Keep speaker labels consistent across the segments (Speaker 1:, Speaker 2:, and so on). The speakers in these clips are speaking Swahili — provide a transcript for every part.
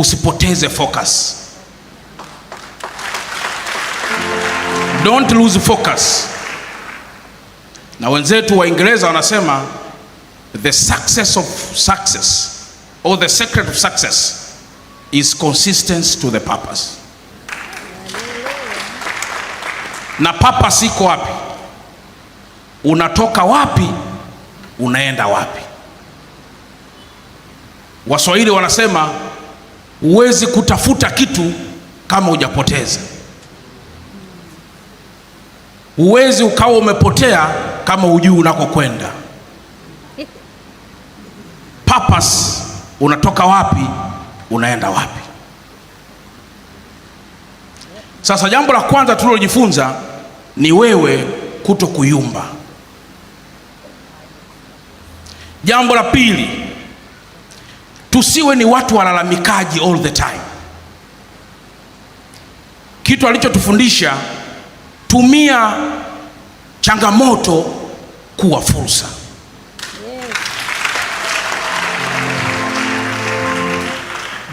Speaker 1: usipoteze focus. Don't lose focus. Na wenzetu Waingereza wanasema the success of success or the secret of success is consistency to the purpose. Na papas iko wapi? Unatoka wapi? Unaenda wapi? Waswahili wanasema Huwezi kutafuta kitu kama hujapoteza. Huwezi ukawa umepotea kama hujui unakokwenda. Purpose, unatoka wapi, unaenda wapi? Sasa jambo la kwanza tulilojifunza ni wewe kuto kuyumba. Jambo la pili Tusiwe ni watu walalamikaji all the time. Kitu alichotufundisha, tumia changamoto kuwa fursa.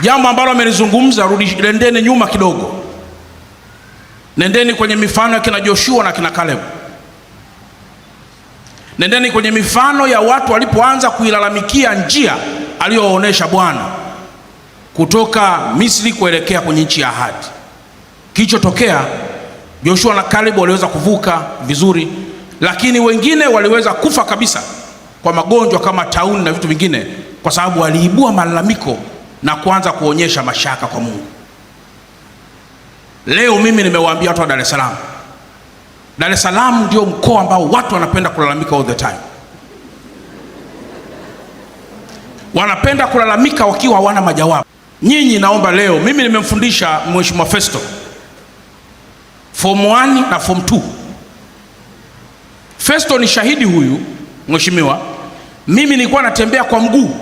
Speaker 1: Jambo ambalo amelizungumza, rudi, nyuma kidogo, nendeni kwenye mifano ya kina Joshua na kina Caleb, nendeni kwenye mifano ya watu walipoanza kuilalamikia njia aliyoonyesha Bwana kutoka Misri kuelekea kwenye nchi ya ahadi. Kilichotokea, Joshua na Caleb waliweza kuvuka vizuri, lakini wengine waliweza kufa kabisa kwa magonjwa kama tauni na vitu vingine, kwa sababu waliibua malalamiko na kuanza kuonyesha mashaka kwa Mungu. Leo mimi nimewaambia watu wa Dar es Salaam, Dar es Salaam ndio mkoa ambao watu wanapenda kulalamika all the time. wanapenda kulalamika wakiwa hawana majawabu. Nyinyi naomba leo, mimi nimemfundisha Mheshimiwa Festo form 1 na form 2. Festo ni shahidi huyu mheshimiwa. Mimi nilikuwa natembea kwa mguu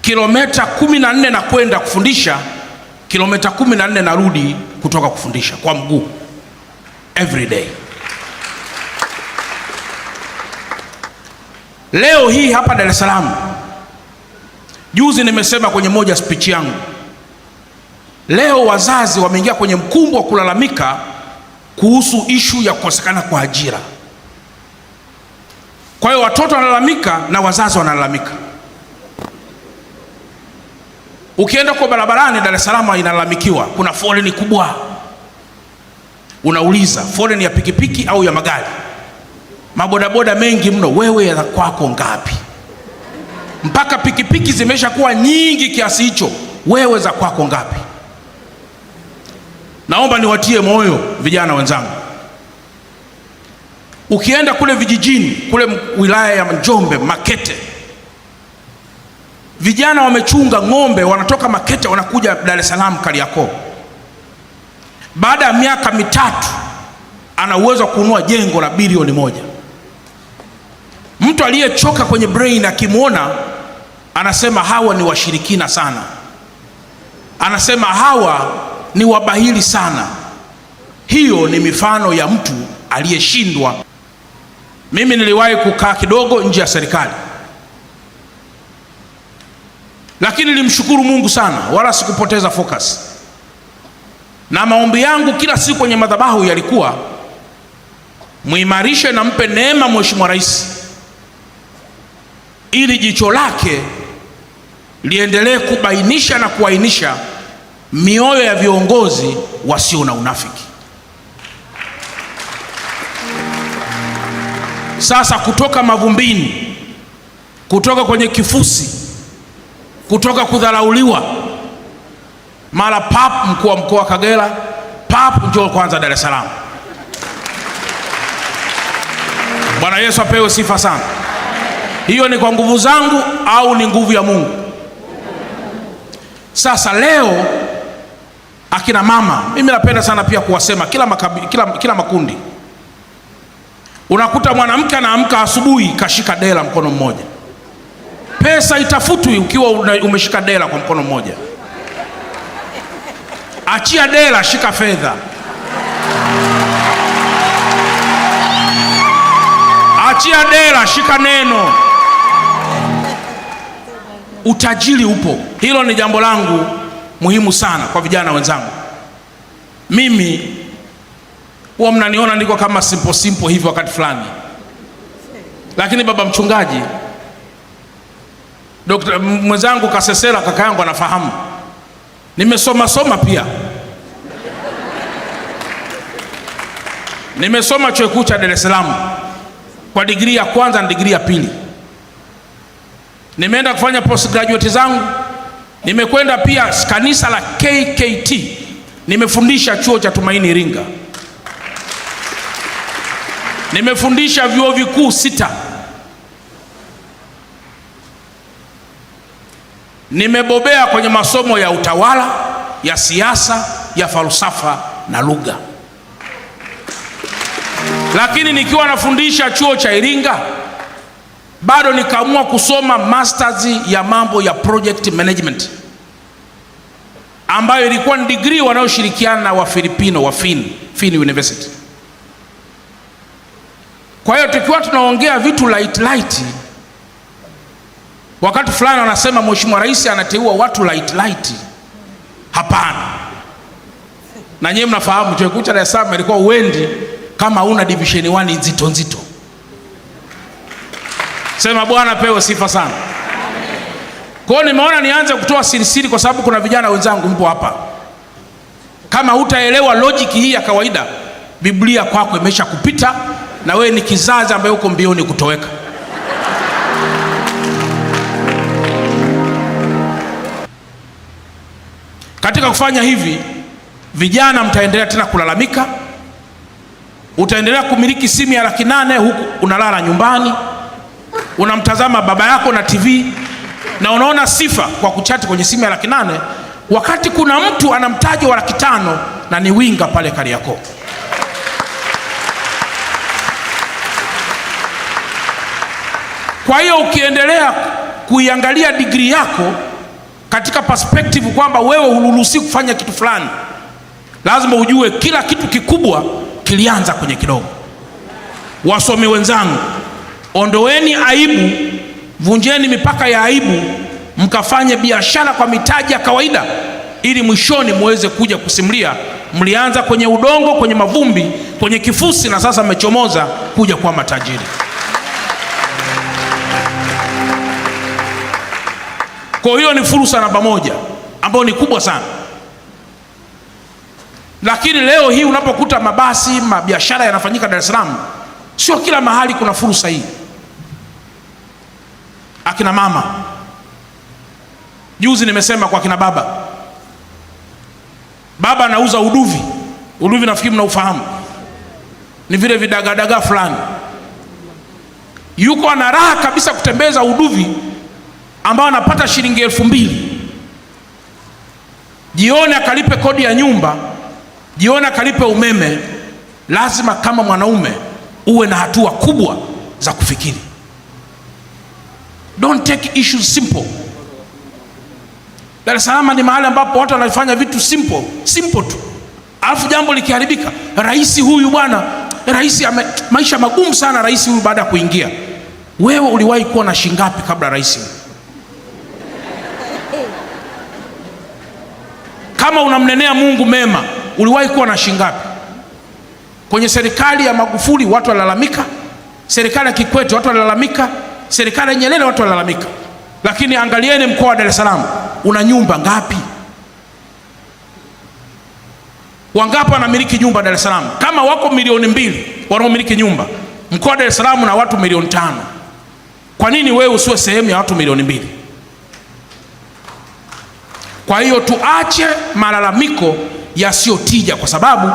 Speaker 1: kilomita 14 na kwenda kufundisha kilomita 14 narudi kutoka kufundisha kwa mguu every day. Leo hii hapa Dar es Salaam, juzi nimesema kwenye moja speech yangu, leo wazazi wameingia kwenye mkumbo wa kulalamika kuhusu ishu ya kukosekana kwa ajira. Kwa hiyo watoto wanalalamika na wazazi wanalalamika. Ukienda kwa barabarani Dar es Salaam inalalamikiwa, kuna foleni kubwa. Unauliza foleni ya pikipiki au ya magari? mabodaboda mengi mno, wewe yana kwako ngapi? Mpaka pikipiki zimeshakuwa nyingi kiasi hicho, wewe za kwako ngapi? Naomba niwatie moyo vijana wenzangu, ukienda kule vijijini kule wilaya ya Njombe Makete, vijana wamechunga ng'ombe, wanatoka Makete wanakuja Dar es Salaam Kariakoo. Baada ya miaka mitatu ana uwezo wa kununua jengo la bilioni moja mtu aliyechoka kwenye brain akimwona anasema hawa ni washirikina sana, anasema hawa ni wabahili sana. Hiyo ni mifano ya mtu aliyeshindwa. Mimi niliwahi kukaa kidogo nje ya serikali, lakini nilimshukuru Mungu sana, wala sikupoteza focus, na maombi yangu kila siku kwenye madhabahu yalikuwa muimarishe na mpe neema Mheshimiwa Rais ili jicho lake liendelee kubainisha na kuainisha mioyo ya viongozi wasio na unafiki. Sasa kutoka mavumbini, kutoka kwenye kifusi, kutoka kudharauliwa, mara pap mkuu wa mkoa wa Kagera, pap njoo kwanza Dar es Salaam. Bwana Yesu apewe sifa sana hiyo ni kwa nguvu zangu au ni nguvu ya Mungu? Sasa leo akina mama, mimi napenda sana pia kuwasema kila, makabi, kila, kila makundi. Unakuta mwanamke anaamka asubuhi kashika dela mkono mmoja. Pesa itafutwi ukiwa umeshika dela kwa mkono mmoja. Achia dela, shika fedha. Achia dela, shika neno utajiri upo. Hilo ni jambo langu muhimu sana kwa vijana wenzangu. Mimi huwa mnaniona niko kama simple simple hivi wakati fulani, lakini baba mchungaji Dokta mwenzangu Kasesera kaka yangu anafahamu, nimesoma soma pia, nimesoma chuo kikuu cha Dar es Salaam kwa digrii ya kwanza na digrii ya pili nimeenda kufanya postgraduate zangu, nimekwenda pia kanisa la KKT, nimefundisha chuo cha Tumaini Iringa, nimefundisha vyuo vikuu sita, nimebobea kwenye masomo ya utawala, ya siasa, ya falsafa na lugha. Lakini nikiwa nafundisha chuo cha Iringa bado nikaamua kusoma masters ya mambo ya project management ambayo ilikuwa ni degree wanaoshirikiana na Wafilipino wa Fin, Fin University. Kwa hiyo tukiwa tunaongea vitu light light, wakati fulani wanasema Mheshimiwa Rais anateua watu light light. Hapana, na nyewe mnafahamu chuo kikuu cha Dar es Salaam ilikuwa uendi kama una division 1 nzito nzito Sema Bwana pewe sifa sana. Kwa nimeona nianze kutoa sirisiri, kwa sababu kuna vijana wenzangu mpo hapa. Kama hutaelewa lojiki hii ya kawaida, Biblia kwako imesha kupita, na wewe ni kizazi ambaye uko mbioni kutoweka. Katika kufanya hivi, vijana mtaendelea tena kulalamika, utaendelea kumiliki simu ya laki nane huku unalala nyumbani unamtazama baba yako na TV na unaona sifa kwa kuchati kwenye simu ya laki nane wakati kuna mtu anamtaji wa laki tano na ni winga pale Kariakoo. Kwa hiyo ukiendelea kuiangalia degree yako katika perspective kwamba wewe huruhusi kufanya kitu fulani, lazima ujue kila kitu kikubwa kilianza kwenye kidogo. Wasomi wenzangu Ondoeni aibu, vunjeni mipaka ya aibu, mkafanye biashara kwa mitaji ya kawaida, ili mwishoni muweze kuja kusimulia mlianza kwenye udongo, kwenye mavumbi, kwenye kifusi, na sasa mmechomoza kuja kuwa matajiri. Kwa hiyo ni fursa namba moja ambayo ni kubwa sana. Lakini leo hii unapokuta mabasi, mabiashara yanafanyika Dar es Salaam, sio kila mahali kuna fursa hii akina mama, juzi nimesema kwa akina baba. Baba anauza uduvi. Uduvi nafikiri mnaufahamu, ni vile vidagadaga fulani. Yuko ana raha kabisa kutembeza uduvi ambao anapata shilingi elfu mbili jioni, akalipe kodi ya nyumba, jioni akalipe umeme. Lazima kama mwanaume uwe na hatua kubwa za kufikiri. Don't take issues simple. Dar es Salaam ni mahali ambapo watu wanafanya vitu simple simple tu, alafu jambo likiharibika, rais huyu bwana, rais ame, maisha magumu sana rais huyu baada ya kuingia. Wewe uliwahi kuwa na shingapi kabla rais Kama unamnenea Mungu mema, uliwahi kuwa na shingapi? Kwenye serikali ya Magufuli watu walalamika, serikali ya Kikwete watu walalamika serikali ya Nyerere watu walalamika, lakini angalieni mkoa wa Dar es Salaam una nyumba ngapi? Wangapi wanamiliki nyumba Dar es Salaam? Kama wako milioni mbili wanaomiliki nyumba, mkoa wa Dar es Salaam na watu milioni tano. Kwa nini wewe usiwe sehemu ya watu milioni mbili? Kwa hiyo tuache malalamiko yasiyotija, kwa sababu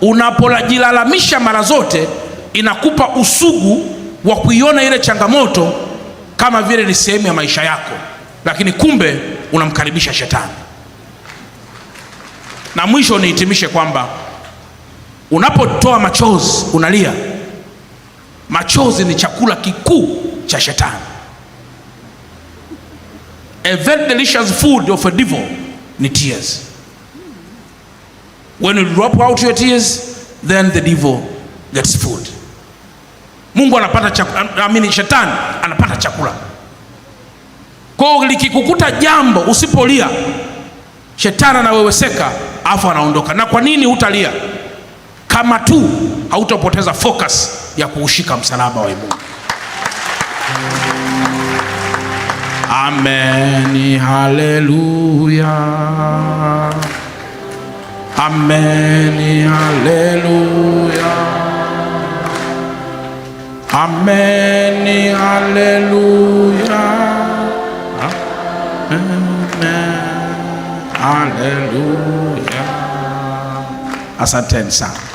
Speaker 1: unapojilalamisha mara zote inakupa usugu wa kuiona ile changamoto kama vile ni sehemu ya maisha yako, lakini kumbe unamkaribisha shetani. Na mwisho nihitimishe kwamba unapotoa machozi, unalia, machozi ni chakula kikuu cha shetani. A very delicious food of a devil ni tears. When you drop out your tears, then the devil gets food. Mungu anapata chakula, amini shetani anapata chakula. Kwa hiyo likikukuta jambo usipolia, shetani anaweweseka afu anaondoka. Na kwa nini hutalia? Kama tu hautapoteza focus ya kuushika msalaba wa Mungu.
Speaker 2: Amen, haleluya. Amen, haleluya. Ameni, haleluya, ameni, haleluya. Asanteni sana.